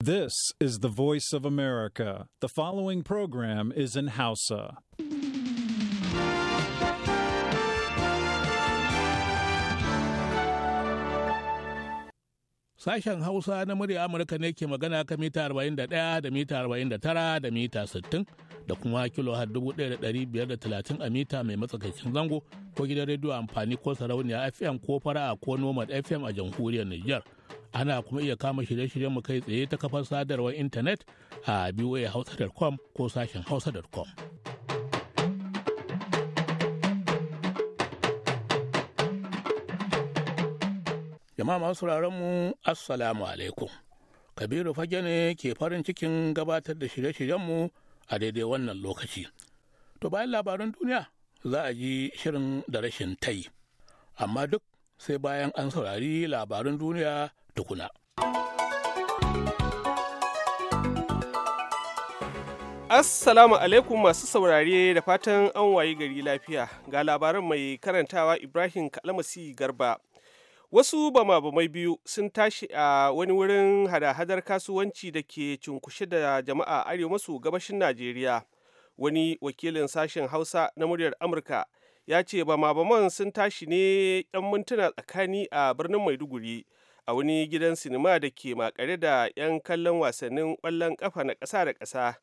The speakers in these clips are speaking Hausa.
This is the voice of America. The following program is in Hausa. Sashen Hausa na murya Amurka ne ke magana kan mita 41 da mita 49 da mita 60 da kuma kilo 1530 a mita mai matsakaicin zango ko gidan rediyo amfani ko sarauniya FM ko fara'a ko Nomad FM a jamhuriyar Nijar. ana kuma iya kama shirye-shiryen mu kai tsaye ta kafar sadarwar intanet a voahausa.com ko sashen hausa.com. Jama'a masu mu Assalamu alaikum. Kabiru fage ne ke farin cikin gabatar da shirye-shiryenmu a daidai wannan lokaci. To bayan labaran duniya za a ji shirin da rashin tai, amma duk sai bayan an saurari labarin duniya tukuna. Assalamu alaikum masu saurare da fatan an wayi gari lafiya ga labaran mai karantawa Ibrahim Kalamasi Garba. Wasu bama-bamai biyu sun tashi a wani wurin hada-hadar kasuwanci da ke cunkushe da jama'a arewa maso gabashin Najeriya. Wani wakilin sashen Hausa na muryar Amurka ya ce bama-baman sun tashi ne 'yan mintuna tsakani a birnin Maiduguri a wani gidan sinima da ke makare da 'yan kallon wasannin ƙwallon ƙafa na ƙasa da ƙasa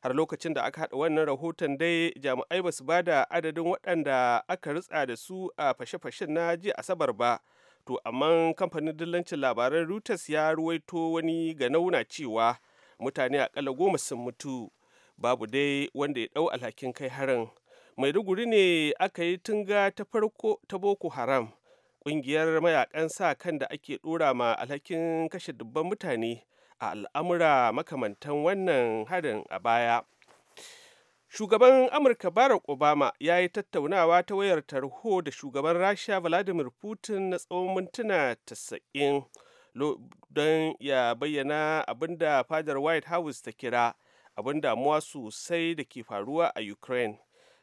har lokacin da aka haɗa wannan rahoton dai jami'ai ba su bada adadin waɗanda aka ritsa da su a fashe-fashen na ji asabar ba to amma kamfanin dillancin labaran reuters ya ruwaito wani ga nauna cewa mutane akalla goma sun mutu babu dai wanda ya ɗau alhakin kai harin maiduguri ne aka yi tunga ta farko ta boko haram ƙungiyar mayakan sa kan da ake dora ma alhakin kashe dubban mutane a al'amura makamantan wannan harin a baya shugaban amurka barack obama ya yi tattaunawa ta wayar tarho da shugaban rasha vladimir putin na tsawon mintuna 90 don ya bayyana abinda fadar white house ta kira abin damuwa sosai da ke faruwa a ukraine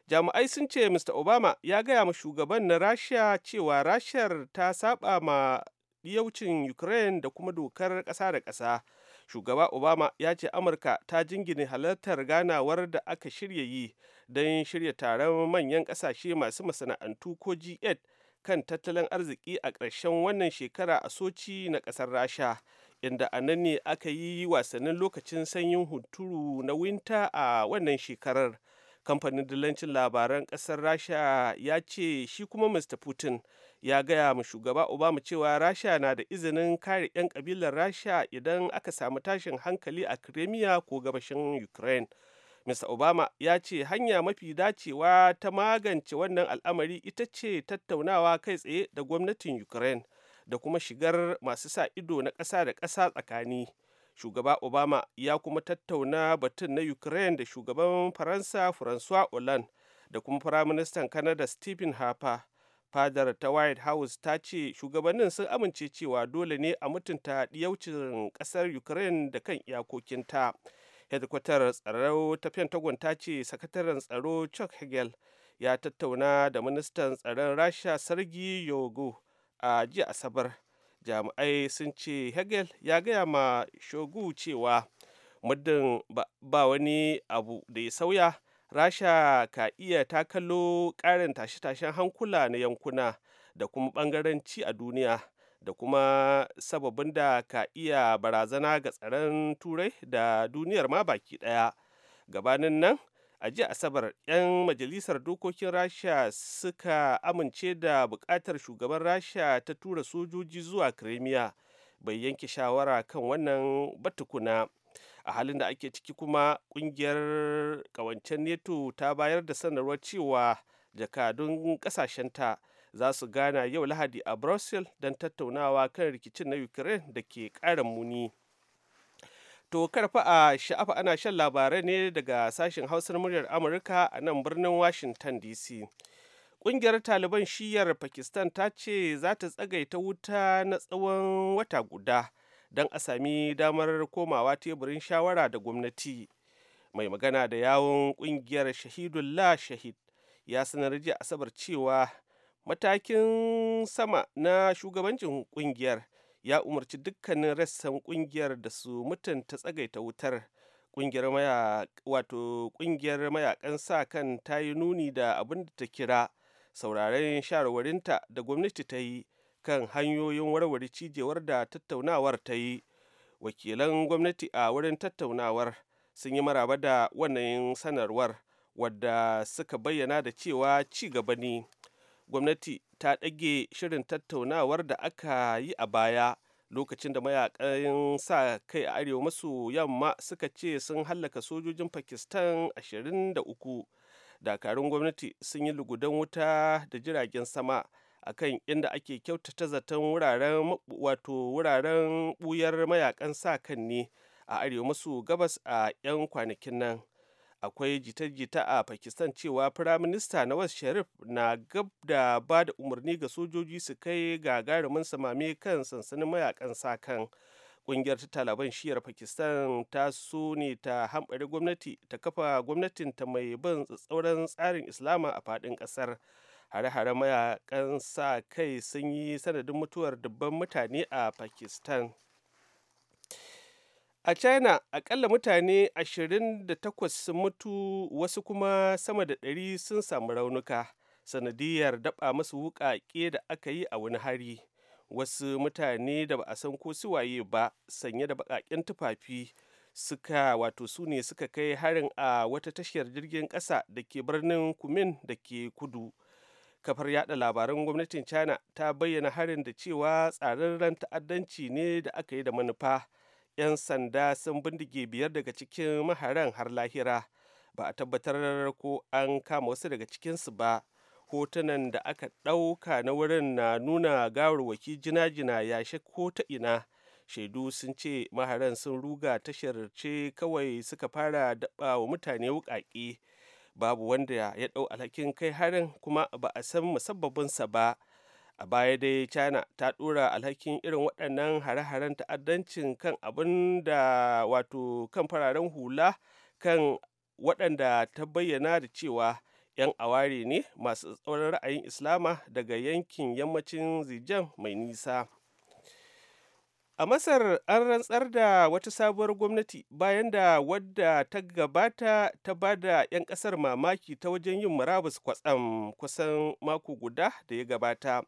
jami'ai sun ce mr obama ya gaya ma shugaban na rasha cewa rashar ta saba ma yaucin ukraine da kuma dokar kasa da kasa shugaba obama ya ce amurka ta jingine halartar ganawar da aka shirya yi don shirya taron manyan kasashe masu masana'antu ko g8 kan tattalin arziki a ƙarshen wannan shekara a soci na ƙasar rasha inda a nan ne aka yi wasannin lokacin sanyin hunturu na winta a wannan shekarar kamfanin dillancin labaran ƙasar rasha ya ce shi kuma mr putin ya gaya ma shugaba obama cewa rasha na da izinin kare 'yan kabilar rasha idan aka samu tashin hankali a crimea ko gabashin ukraine mr obama ya ce hanya mafi dacewa ta magance wannan al'amari ita ce tattaunawa kai tsaye da gwamnatin ukraine da kuma shigar masu sa ido na ƙasa da ƙasa tsakani. shugaba obama ya kuma tattauna batun na ukraine da shugaban faransa francois hollande da kuma firaministan kanada stephen harper fadar ta white house ta ce shugabannin sun amince cewa dole ne a mutunta diyaucin kasar ukraine da kan iyakokinta hedkwatar tsaro ta pentagon ta ce sakataren tsaro chuck hagel ya tattauna da ministan tsaron rasha sargi yogo a jiya asabar jami'ai sun ce hegel ya gaya ma shogu cewa muddin ba wani abu da ya sauya rasha ka iya takalo karin tashe-tashen hankula na yankuna da kuma bangaranci a duniya da kuma sababin da ka iya barazana ga tsaron turai da duniyar ma baki daya gabanin nan a jiya asabar 'yan majalisar dokokin rasha suka amince da bukatar shugaban rasha ta tura sojoji zuwa kremiya bai yanke shawara kan wannan batukuna a halin da ake ciki kuma kungiyar kawancen neto ta bayar da sanarwar cewa jakadun kasashenta za su gana yau lahadi a brussels don tattaunawa kan rikicin na ukraine da ke ƙara muni To karfa a sha'afa ana shan labarai ne daga sashen hausar muryar Amurka a nan birnin Washington DC. Ƙungiyar Taliban shiyar Pakistan ta ce za ta tsagaita wuta na tsawon wata guda don a sami damar komawa teburin shawara da gwamnati. Mai magana da yawon ƙungiyar Shahidullah Shahid ya sanar jiya Asabar cewa matakin sama na shugabancin ƙungiyar. ya umarci dukkanin rassan kungiyar da su mutunta tsagaita wutar kungiyar wato kungiyar mayakan sa kan ta yi nuni da abin da ta kira sauraren shawarwarinta da gwamnati ta yi kan hanyoyin warware cijewar da tattaunawar ta yi wakilan gwamnati a wurin tattaunawar sun yi maraba da wannan sanarwar wadda suka bayyana da cewa ci gaba ne gwamnati ta ɗage shirin tattaunawar da aka yi a baya lokacin da mayakan sa kai a arewa maso yamma suka ce sun hallaka sojojin pakistan 23 dakarun gwamnati sun yi lugudan wuta da jiragen sama akan inda ake kyautata zaton wuraren wato wuraren buyar mayakan sa kan ne a arewa maso gabas a 'yan kwanakin nan akwai jita-jita a pakistan cewa firaminista nawaz sharif na gab da ba da umarni ga sojoji su kai gagarumin samame kan sansanin mayakan sa-kan sakan kungiyar taliban shiyar pakistan ta so ne ta hambari gwamnati ta kafa gwamnatin ta mai bin tsauran tsarin islama a fadin kasar hare-hare mayakan sa kai sun yi sanadin mutuwar dubban mutane a pakistan A China, akalla mutane 28 sun mutu wasu kuma sama da ɗari sun samu raunuka sanadiyar daba masu wuƙaƙe da aka yi a wani hari. Wasu mutane da ba a san ko waye ba sanye da baƙaƙen tufafi suka wato su ne suka kai harin a wata tashar jirgin ƙasa da ke birnin Kumin da ke kudu. Kafar yada labaran gwamnatin China ta bayyana harin da cewa tsararren ta'addanci ne da aka yi da manufa. 'yan sanda sun bindige biyar daga cikin maharan har lahira ba a tabbatar ko an kama wasu daga cikinsu ba hotunan da aka ɗauka na wurin na nuna gawarwaki jina-jina yashe ko ta ina shaidu sun ce maharan sun ruga tashar ce kawai suka fara daɓa wa mutane wuƙaƙe babu wanda ya ɗau alhakin kai harin kuma ba a san musabbabinsa ba a baya dai china ta dora alhakin irin waɗannan hare-haren ta'addancin kan abin da wato kan fararen hula kan waɗanda ta bayyana da cewa 'yan aware ne masu tsauran ra'ayin islama daga yankin yammacin zijan mai nisa a masar an rantsar da wata sabuwar gwamnati bayan da wadda ta gabata ta ba da 'yan kasar mamaki ta wajen yin murabus kwatsam kusan mako guda da ya gabata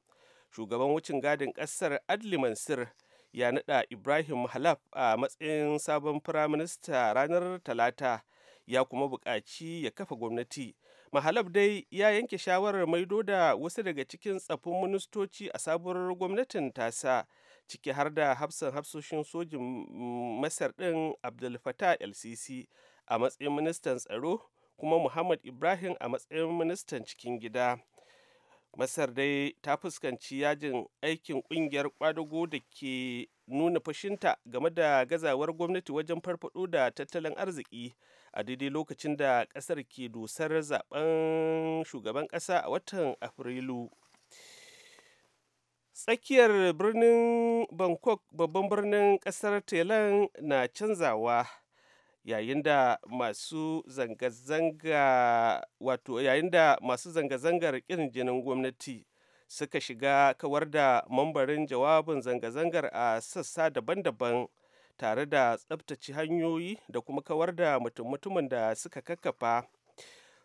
shugaban wucin gadin ƙasar adli mansir ya naɗa ibrahim halaf a matsayin sabon firaminista ranar talata ya kuma buƙaci ya kafa gwamnati mahalab dai ya yanke shawarar maido da wasu daga cikin tsafin ministoci a sabuwar gwamnatin tasa ciki har da hafsan hafsoshin sojin masar ɗin abdul fatah lcc a matsayin ministan tsaro kuma muhammad ibrahim a matsayin ministan cikin gida masar dai ta fuskanci yajin aikin kungiyar kwadago da ke nuna fashinta game da gazawar gwamnati wajen farfado da tattalin arziki a daidai lokacin da kasar ke dosar zaben shugaban kasa a watan afrilu tsakiyar birnin bangkok babban birnin kasar thailand na canzawa yayin da masu zanga-zanga wato yayin da masu zanga-zangar irin jinin gwamnati suka shiga kawar da mambarin jawabin zanga-zangar a sassa daban-daban tare da tsabtace hanyoyi da kuma kawar da mutum-mutumin da suka kakkafa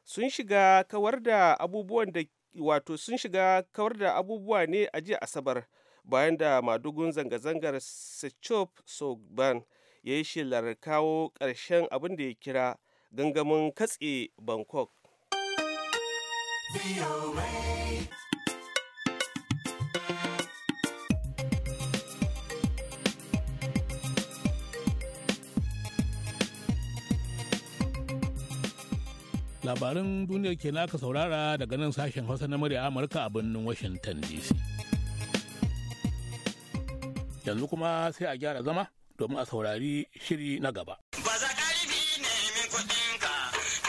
sun shiga kawar da abubuwan da wato sun shiga kawar da abubuwa ne a jiya asabar bayan da madugun zanga-zangar sechop sogban ya yi shelar kawo ƙarshen abin da ya kira gangamin katse bangkok labarin duniyar ke naka saurara daga nan sashen hausa na murya amurka a birnin washington dc yanzu kuma sai a gyara zama domin a saurari shiri na gaba. Ba za ƙarfi kuɗinka,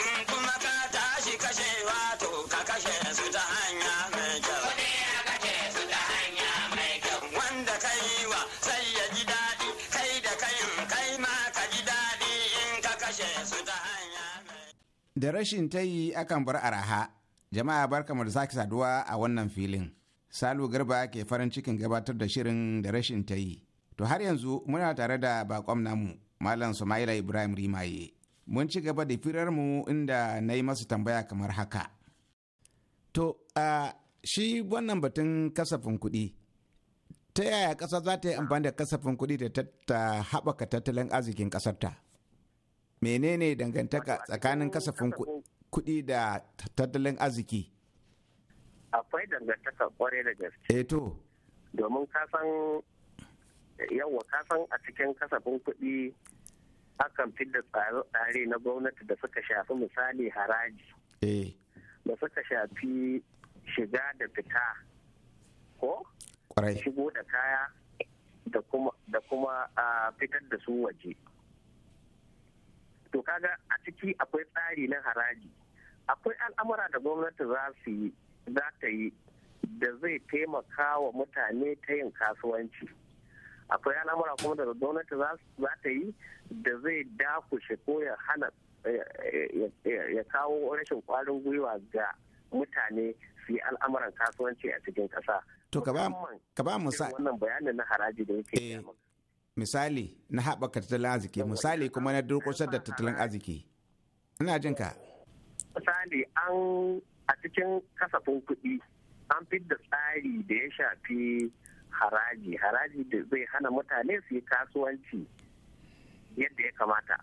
in kuma ka tashi kashe wato ka kashe su ta hanya mai kyau. Kuɗi kashe su ta hanya mai kyau. Wanda ka yi wa sai ya ji daɗi, kai da kayin kai ma ka ji daɗi in ka kashe su ta hanya mai Da rashin tayi akan bar araha, jama'a barkamar da sake saduwa a wannan filin. Salu Garba ke farin cikin gabatar da shirin da rashin tayi. To har yanzu muna tare da bakon namu Malam Sumaila Ibrahim Rimaye. Mun ci gaba da firar mu inda na yi masa tambaya kamar haka. To, a shi wannan batun kasafin kuɗi, ta yaya ƙasa za ta yi amfani da kasafin kuɗi da ta haɓaka tattalin arzikin ƙasarta? Menene dangantaka tsakanin kasafin kuɗi da tattalin arziki? Akwai dangantaka kwarai da gaske. Eh to. Domin kasan yawa kasan a cikin kasafin kuɗi akan fidda tsare-tsare na gwamnati da suka shafi misali haraji eh. da suka shafi shiga da fita ko shigo da kaya da kuma fitar da su waje to kaga a ciki akwai tsari na haraji akwai al'amura da gwamnati za su yi za ta yi da zai taimaka wa mutane ta yin kasuwanci. akwai al'amura kuma da gwamnati za ta yi da zai dakushe ko ya hana ya kawo rashin kwarin gwiwa ga mutane su yi al'amuran kasuwanci a cikin kasa To ka ba misali. Wannan bayanin na haraji da yake eh, Misali na haɓaka tattalin arziki, misali kuma na durƙusar da tattalin arziki. Ina jin ka. Misali an a cikin kasafin kuɗi an fi da tsari da ya shafi haraji haraji da zai hana mutane su yi kasuwanci yadda ya kamata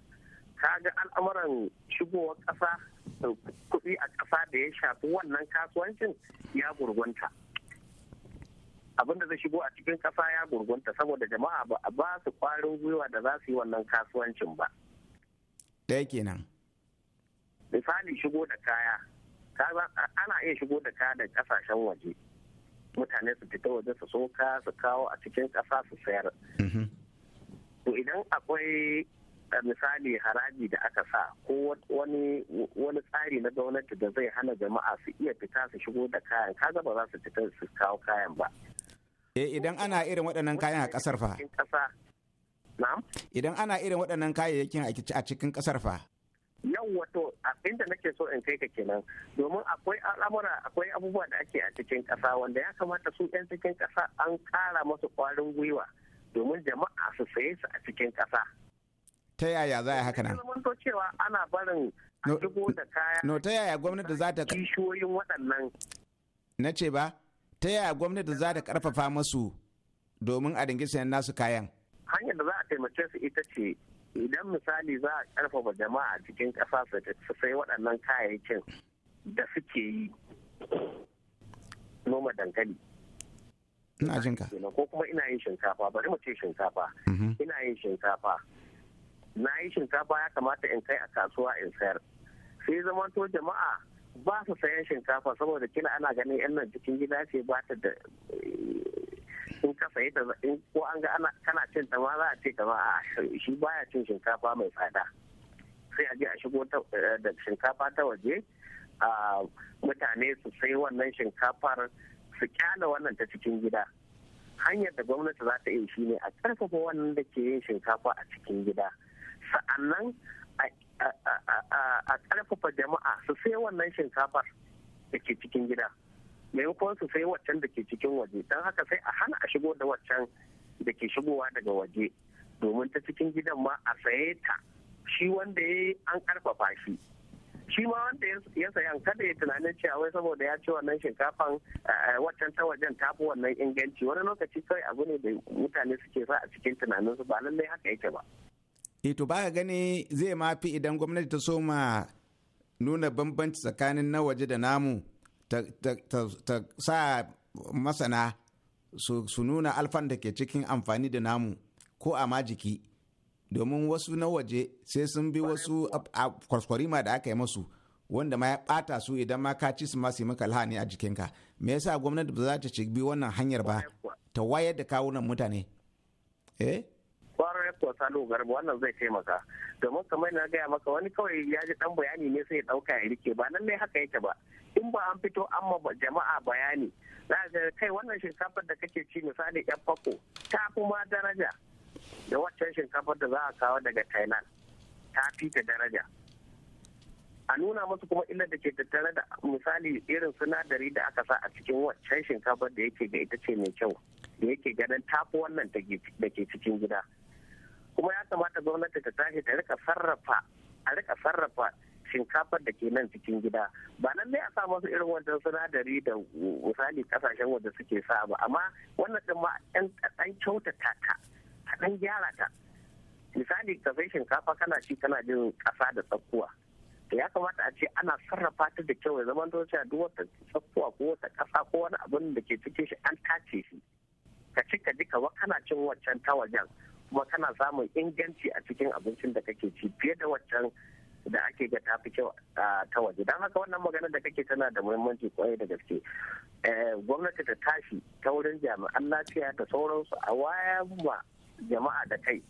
Ka ga al'amuran shigowar ƙasa kuɗi a ƙasa da ya shafi wannan kasuwancin ya gurgunta abin da zai shigo a cikin ƙasa ya gurgunta saboda jama'a ba a ba su ƙwarin gwiwa da za su yi wannan kasuwancin ba ɗaya kenan misali shigo da kaya ana iya shigo da kaya da ƙasashen waje mutane su fita waje su soka su kawo a cikin ƙasa su sayar mhm. to idan akwai misali haraji da aka sa ko wani tsari na gwamnati da zai hana jama'a su iya fita su shigo da kayan kaga ba za su fita su kawo kayan ba eh, idan ana irin waɗannan kayan a ƙasar fa idan ana irin waɗannan kayayyakin a cikin ƙasar fa wato abinda nake so in kai ka kenan domin akwai al'amura akwai abubuwa da ake a cikin ƙasa wanda ya kamata su 'yan cikin ƙasa an ƙara masu ƙwarin gwiwa domin jama'a su saye su a cikin ƙasa. Ta yaya za a haka nan? to cewa ana barin dubo da kaya. No ta yaya gwamnati za ta kishoyin waɗannan. Na ce ba, ta yaya gwamnati za ta karfafa masu domin a dingi sayan nasu kayan? Hanyar da za a taimake su ita ce idan misali za a karfafa jama'a a cikin kasa su sai waɗannan kayayyakin da suke yi noma dankali ina jin ka ko kuma ina yin shinkafa bari mu ce shinkafa mm-hmm. ina yin shinkafa na yi shinkafa ya kamata in kai a kasuwa in sayar sai zamanto jama'a ba su sayan shinkafa saboda kila ana ganin yan nan cikin gida ce ba ta da in ka sayi in ko an ga kana cin ta ma za a ce ka ma a shi baya cin shinkafa mai tsada sai a je a shigo eh, da shinkafa ta waje a mutane su sai wannan shinkafar su kyala wannan ta cikin gida hanyar da gwamnati za ta yi shi ne a karfafa wannan da ke yin shinkafa a cikin gida sa'annan a karfafa jama'a su sai wannan shinkafar da ke cikin gida maimakon su sai waccan da ke cikin waje don haka sai a hana a shigo da waccan da ke shigowa daga waje domin ta cikin gidan ma a saye ta shi wanda ya an karfafa shi shi ma wanda ya sayan kada ya tunanin cewa wai saboda ya ci wannan shinkafan eh, waccan ta wajen tafi wannan inganci wani lokaci kawai abu ne da mutane suke sa a cikin tunaninsu ba lallai haka yake ba. e to baka gani zai mafi idan gwamnati ta so ma nuna bambanci tsakanin na waje da namu ta sa masana su nuna alfan da ke cikin amfani da namu ko a majiki jiki domin wasu na waje sai sun bi wasu kwaskwarima da aka yi masu wanda ma ya bata su idan ma ka ci su masu yi maka lahani a jikinka me yasa gwamnati ba za ta ci bi wannan hanyar ba ta wayar da kawunan mutane eh kwarar kwasa salo garba wannan zai taimaka domin kamar na gaya maka wani kawai ya ji dan bayani ne sai ya dauka ya rike ba nan ne haka yake ba in ba an fito an ma jama'a bayani za ka kai wannan shinkafar da kake ci misali yan fako ta fi ma daraja da waccan shinkafar da za a kawo daga thailand ta fi ta daraja a nuna musu kuma illar da ke tattare da misali irin sinadari da aka sa a cikin waccan shinkafar da yake ga ita ce mai kyau da yake ganin tafi wannan da ke cikin gida kuma ya kamata gwamnati ta tashi ta rika sarrafa a rika sarrafa shinkafar da ke nan cikin gida ba nan ne a sa masu irin wancan sinadari da misali kasashen wanda suke sa ba amma wannan din ma ɗan kyautata ta a ɗan gyara ta misali ka sai shinkafa kana ci kana jin ƙasa da tsakkuwa da ya kamata a ce ana sarrafa ta da kyau ya zama to cewa duk wata tsakkuwa ko wata ƙasa ko wani abin da ke cikin shi an tace shi ka ci ka ji ka kana cin wancan ta wajen kuma kana samun inganci a cikin abincin da kake ci fiye da waccan da ake ga tafi kyau a ta waje don haka wannan maganar da kake tana da muhimmanci kwaye da gaske eh, gwamnati ta tashi ta wurin jami'an lafiya da sauransu a waya jama'a da kai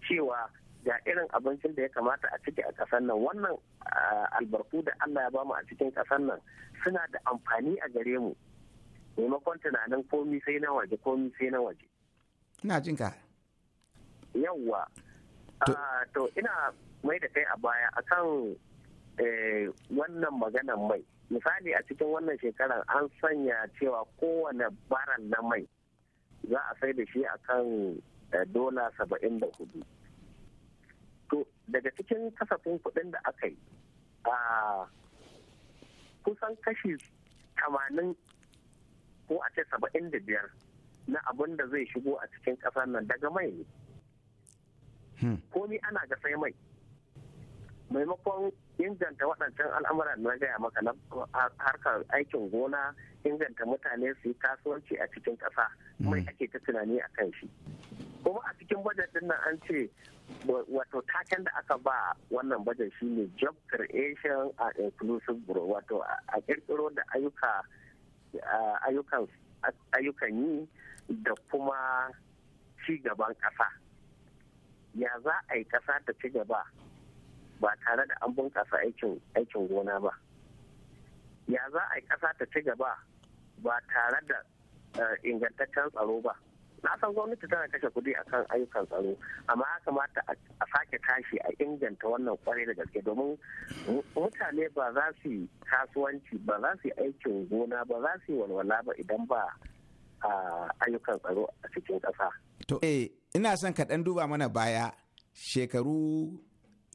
cewa ga irin abincin da ya kamata a ciki a ƙasar nan wannan albarku da allah ya bamu a cikin ƙasar nan suna da amfani a gare mu maimakon tunanin komi sai na waje komi sai na waje ina ka yawwa ah, to ina mai da kai a baya akan eh, wannan maganan mai misali a cikin wannan shekarar an sanya cewa kowane baran na mai za a sai da shi akan eh, dola saba'in da hudu to daga cikin kasafin kudin da aka yi a ah, kusan kashi tamanin ko a ce saba'in da biyar na abin da zai shigo a cikin ƙasar nan daga mai ne komi ana ga sai mai maimakon inganta waɗancan al'amura na gaya maka na harkar aikin gona inganta mutane su yi kasuwanci a cikin ƙasa mai mm. ake ta tunani a kan shi kuma a cikin bajet din nan an ce wato taken da aka ba wannan bajet ne job creation and inclusive growth wato a ƙirƙiro da ayyuka ayyukan yi da kuma ci gaban ƙasa ya za a yi ƙasa ta ci gaba ba tare da an bunƙasa aikin gona ba ya za a yi ƙasa ta ci gaba ba tare da eh, ingantaccen tsaro ba na san gwamnati tana kashe kuɗi kan ayyukan tsaro amma ya kamata a sake tashi a inganta wannan kwarai da gaske domin mutane ba za su yi kasuwanci ba za su yi aikin gona ba za su yi walwala ba idan ba ah, ayyukan tsaro a cikin ƙasa. to eh ina son ka ɗan duba mana baya shekaru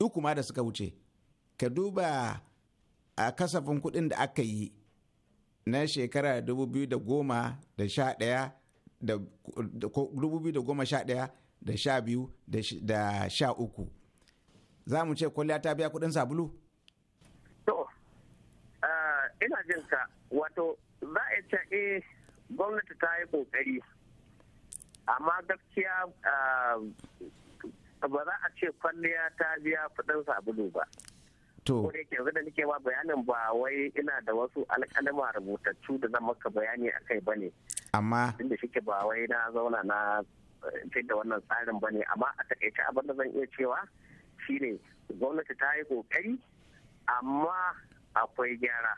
uku ma da suka wuce ka duba a kasafin kuɗin da aka yi na shekara 2011 da sha ɗaya da sha biyu da sha uku za mu ce kwalliya ta biya kuɗin sabulu? to ina jin ka wato za a ce eh, gwamnati ta yi ƙoƙari amma gaskiya ah, ba za a ce kwalliya ta biya kudin sabulu ba to ko da yake yanzu da nake ba bayanin ba wai ina da wasu alƙalama rubutattu da zan maka bayani a ba ne amma inda shike ba wai na zauna na eh, da wannan tsarin ba ne amma a takaice abin da zan iya cewa shine gwamnati ta yi kokari amma akwai gyara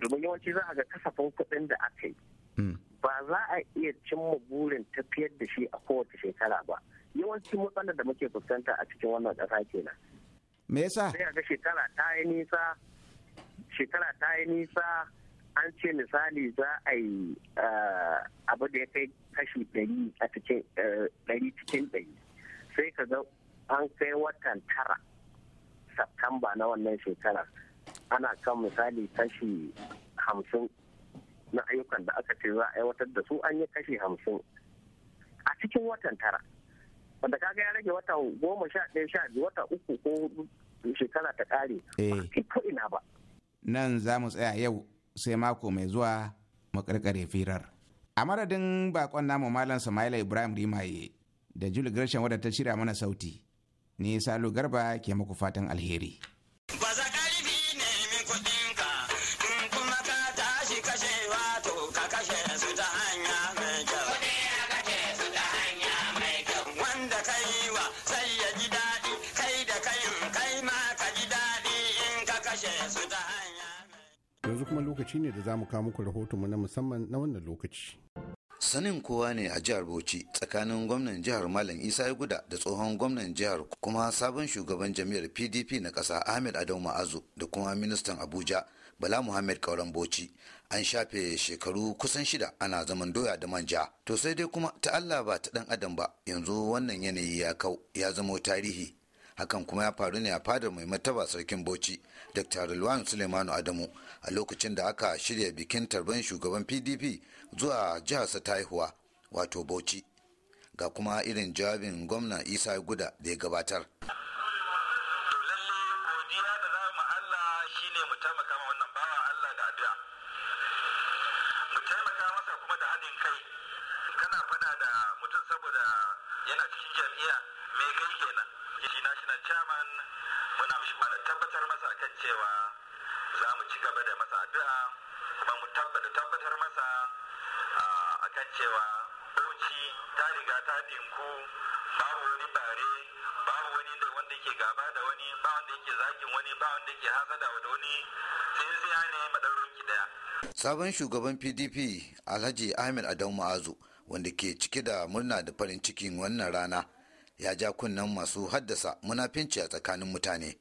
domin yawanci za a ga kasafin kuɗin da aka yi mm. ba za a iya cimma burin tafiyar da shi a kowace shekara ba yawancin matsalar da muke fuskanta a cikin wannan ƙasa kenan me yasa sai ga shekara ta yi nisa shekara ta yi nisa an ce misali za a yi eh, abu da ya kai kashi ɗari a cikin eh, ɗari cikin ɗari sai ka ga an kai watan tara Satamba na wannan shekara ana kan misali kashi hamsin na ayyukan da aka ce za a aiwatar da su an yi kashi hamsin a cikin watan tara wanda kaga ya rage wata goma sha ɗaya sha biyu wata uku ko shekara ta ƙare ba eh. ko ina ba nan za mu tsaya yau sai mako mai zuwa mu karkare firar a madadin bakon namu malam samaila ibrahim rimaye da juli gresham wadda ta shirya mana sauti ni salu garba ke muku fatan alheri kuma lokaci ne da za mu kawo muku rahotonmu na musamman na wannan lokaci. Sanin kowa ne a jihar Bauchi tsakanin gwamnan jihar Malam Isa ya guda da tsohon gwamnan jihar kuma sabon shugaban jami'ar PDP na ƙasa Ahmed Adau Ma'azu da kuma ministan Abuja Bala Muhammad Kauran Bauchi an shafe shekaru kusan shida ana zaman doya da manja to sai dai kuma ta Allah ba ta ɗan adam ba yanzu wannan yanayi ya kau ya zamo tarihi hakan kuma ya faru ne a fadar mai mataba sarkin bauchi dr rilwan suleimanu adamu a lokacin da aka shirya bikin tarban shugaban pdp zuwa jihar ta haihuwa wato bauchi ga kuma irin jawabin gwamna isa guda da ya gabatar da kana saboda yana cikin jam'iyya mai kai kenan da national chairman muna mishi mana tabbatar masa kan cewa za mu ci gaba da masa addu'a kuma mu tabbata tabbatar masa a kan cewa bauchi ta riga ta dinku babu wani bare babu wani da wanda yake gaba da wani ba wanda yake zagin wani ba wanda yake hasada da wani sai tsintsiya ne madarun ki daya sabon shugaban pdp alhaji ahmed adamu Azu wanda ke cike da murna da farin cikin wannan rana ya ja kunnen masu haddasa munafinci a tsakanin mutane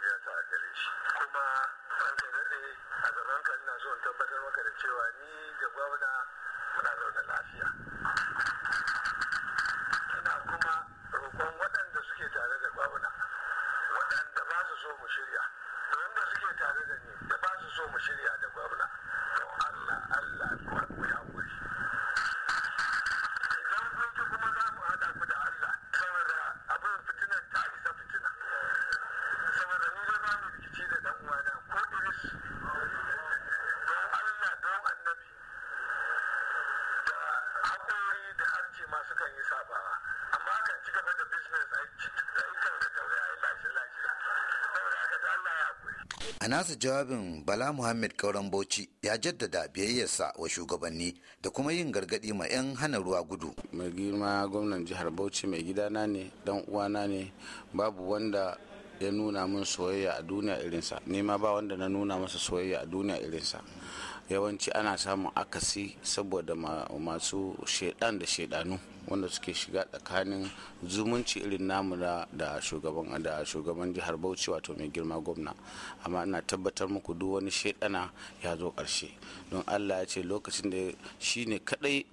siyasa a gare shi kuma an ka daɗe a gaban ka ina so tabbatar maka da cewa ni da gwamna muna zaune lafiya ina kuma roƙon waɗanda suke tare da gwamna waɗanda ba su so mu shirya da wanda suke tare da ni da ba su so mu shirya nasa jawabin bala muhammed kauran bauchi ya jaddada biyayyarsa wa shugabanni da kuma yin gargadi ma 'yan hana ruwa gudu mai girma gwamnan jihar bauchi mai gidana ne dan uwana ne babu wanda ya nuna min soyayya a duniya irinsa nema ba wanda na nuna masa soyayya a duniya irinsa yawanci ana samun akasi saboda masu shaidan da shaidanu wanda suke shiga tsakanin zumunci irin namuna da shugaban da shugaban jihar bauchi wato mai girma gwamna amma ina tabbatar muku duk wani shaidana ya zo ƙarshe don allah ya ce lokacin da shi ne kadai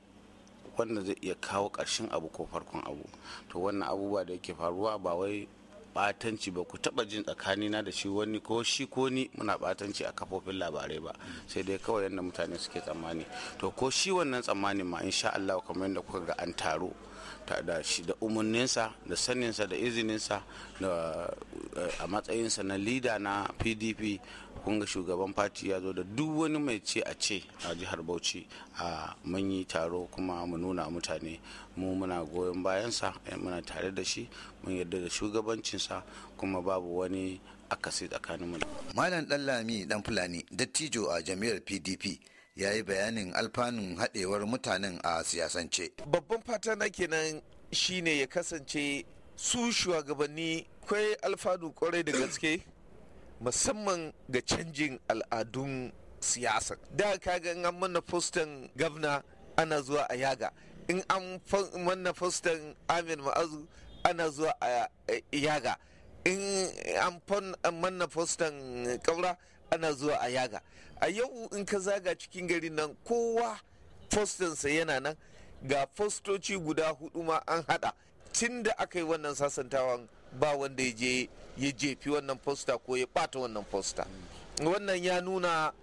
wanda zai iya kawo ƙarshen abu ko farkon abu to wannan abubuwa da yake faruwa ba wai batanci ba ku taba jin tsakani na da shi wani ko shi ko ni muna batanci a kafofin labarai ba sai dai kawai yadda mutane suke tsammani to ko shi wannan tsammanin ma insha Allah kamar yadda kuka ga an taro da shi da umarninsa da saninsa da izininsa da eh, a matsayinsa na lida na pdp kunga shugaban fati ya zo da duk wani mai ce a ce a jihar bauchi a manyi taro kuma mu nuna mutane mu muna goyon bayansa eh, muna tare da shi mun yarda da shugabancinsa kuma babu wani akasi tsakaninmu malam dan lami dan fulani dattijo a jami'ar pdp ya yi bayanin alfanun haɗewar mutanen a siyasance. Babban fata na kenan shine ya kasance su shugabanni kwai alfanu kwarai da gaske musamman ga canjin al'adun siyasa. Da kaga an mana fostan gavna ana zuwa a yaga. In an mana fostan Amin Ma'azu ana zuwa a yaga. In an manna fostan ƙaura ana zuwa a yaga a yau in ka zaga cikin garin nan kowa fostinsa yana nan ga fostoci guda hudu ma an hada tun da aka yi wannan sasantawa ba wanda ya je ya jefi wannan fosta ko ya bata wannan fosta wannan ya nuna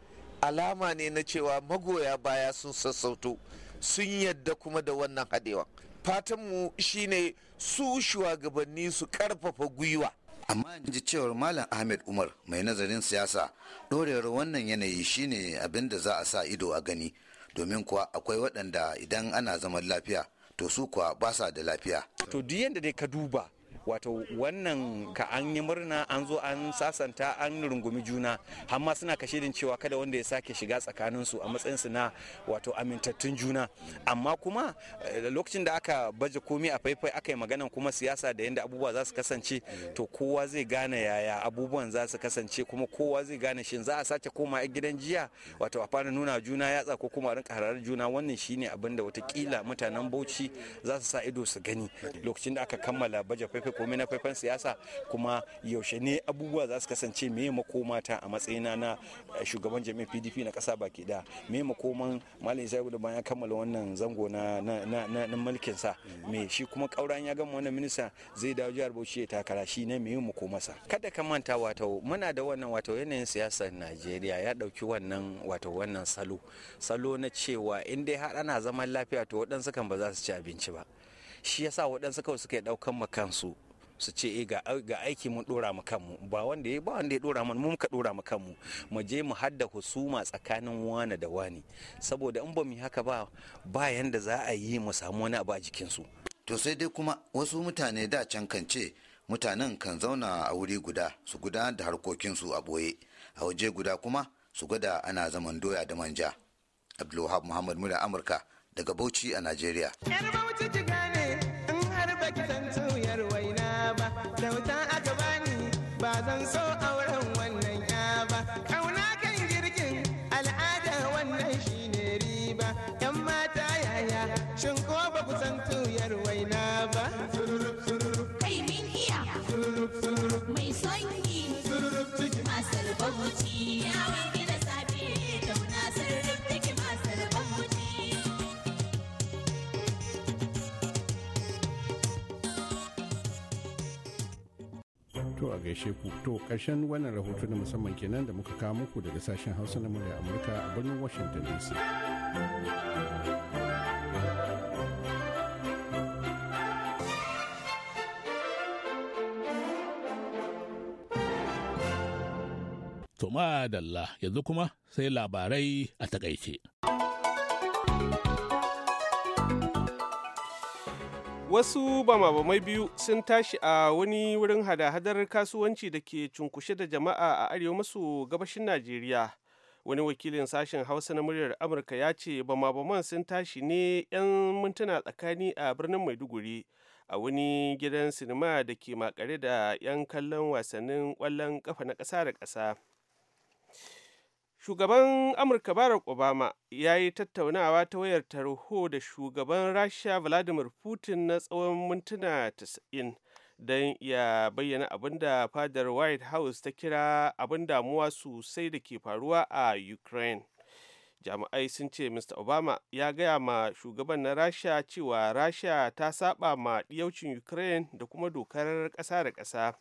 alama ne na cewa magoya baya sun sassauto sun yadda kuma da wannan hadewa fatanmu shine su shugabanni su karfafa gwiwa amma in ji cewar malam ahmed umar mai nazarin siyasa ɗorewar wannan yanayi shine abin da za a sa ido a gani domin kuwa akwai waɗanda idan ana zaman lafiya to su kuwa ba sa da lafiya to duk yadda dai ka duba wato wannan ka an yi murna an zo an sasanta an rungumi juna amma suna kashe din cewa kada wanda ya sake shiga tsakanin su a matsayin su na wato amintattun juna amma kuma eh, lokacin da aka baje komai a faifai aka yi magana kuma siyasa da yadda abubuwa za su kasance to kowa zai gane yaya abubuwan za su kasance kuma kowa zai gane shin za a sake koma a gidan jiya wato a fara nuna juna yatsa ko kuma a rinka harar juna wannan shine abin da watakila mutanen bauchi za su sa ido su gani lokacin da aka kammala baje faifai komai na faifan siyasa kuma yaushe ne abubuwa za su kasance me makoma ta a matsayina na eh, shugaban jami'in pdp na kasa baki da me makoman malam isa da bayan kammala wannan zango na na mulkin sa me shi kuma kauran ya gama wannan minista zai dawo jihar bauchi ya takara shi ne me sa kada ka manta wato muna da wannan wato yanayin siyasar najeriya ya dauki wannan wato wannan salo salo na cewa in dai har ana zaman lafiya to waɗansu kan ba za su ci abinci ba shi yasa waɗansu kawai suka ɗaukan makansu su ce eh, ga aiki mun dora mu kanmu ba wanda ya ba wanda ya dora mu mun ka dora mu kanmu mu je mu hadda husuma tsakanin wani da wani saboda in ba mu haka ba ba yanda za a yi mu samu wani abu a jikin su to sai dai kuma wasu mutane da can kan ce mutanen kan zauna a wuri guda su gudanar da harkokinsu a boye a waje guda kuma su gwada ana zaman doya da manja abdulwahab muhammad mura amurka daga bauchi a najeriya 'yar bauchi Jiga gane in har baki gaishe ku to karshen wannan rahoto na musamman kenan da muka kawo muku daga sashen hausa na murya amurka a birnin washington dc To ma dalla yanzu kuma sai labarai a takaice. wasu bama-bamai biyu sun tashi a wani wurin hada-hadar kasuwanci da ke cunkushe da jama'a a arewa maso gabashin najeriya wani wakilin sashen hausa na muryar amurka ya ce bama-baman sun tashi ne 'yan mintuna tsakani a birnin maiduguri a wani gidan sinima da ke makare da 'yan kallon wasannin kwallon kafa na ƙasa da ƙasa shugaban amurka barack obama ya yi tattaunawa ta wayar tarho da shugaban rasha vladimir putin na tsawon mintuna 90 don ya bayyana abin da fadar white house ta kira abin damuwa sosai da ke faruwa a ukraine jami'ai sun ce mr obama ya gaya ma shugaban na rasha cewa rasha ta saba ma diyaucin ukraine da kuma dokar ƙasa da ƙasa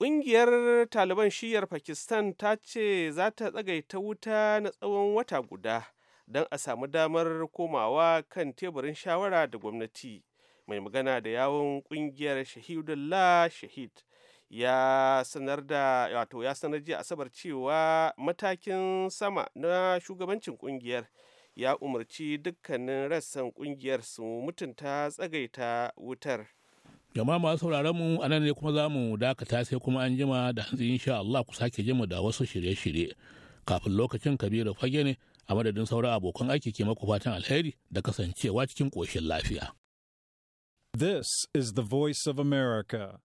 Ƙungiyar Taliban shiyar Pakistan ta ce za ta tsagaita wuta na tsawon wata guda don a samu damar komawa kan teburin shawara da gwamnati. Mai magana da yawon ƙungiyar Shahidullah Shahid ya sanar da wato ya sanar jiya asabar cewa matakin sama na shugabancin ƙungiyar ya umarci dukkanin rassan ƙungiyar su mutunta tsagaita wutar. jama masu sauraron mu a nan ne kuma za mu dakata sai kuma an jima da hanzu sha Allah ku sake mu da wasu shirye-shirye kafin lokacin kabiru fage ne a madadin sauran abokan aiki ke maku fatan alheri da kasancewa cikin koshin lafiya. This is the voice of America.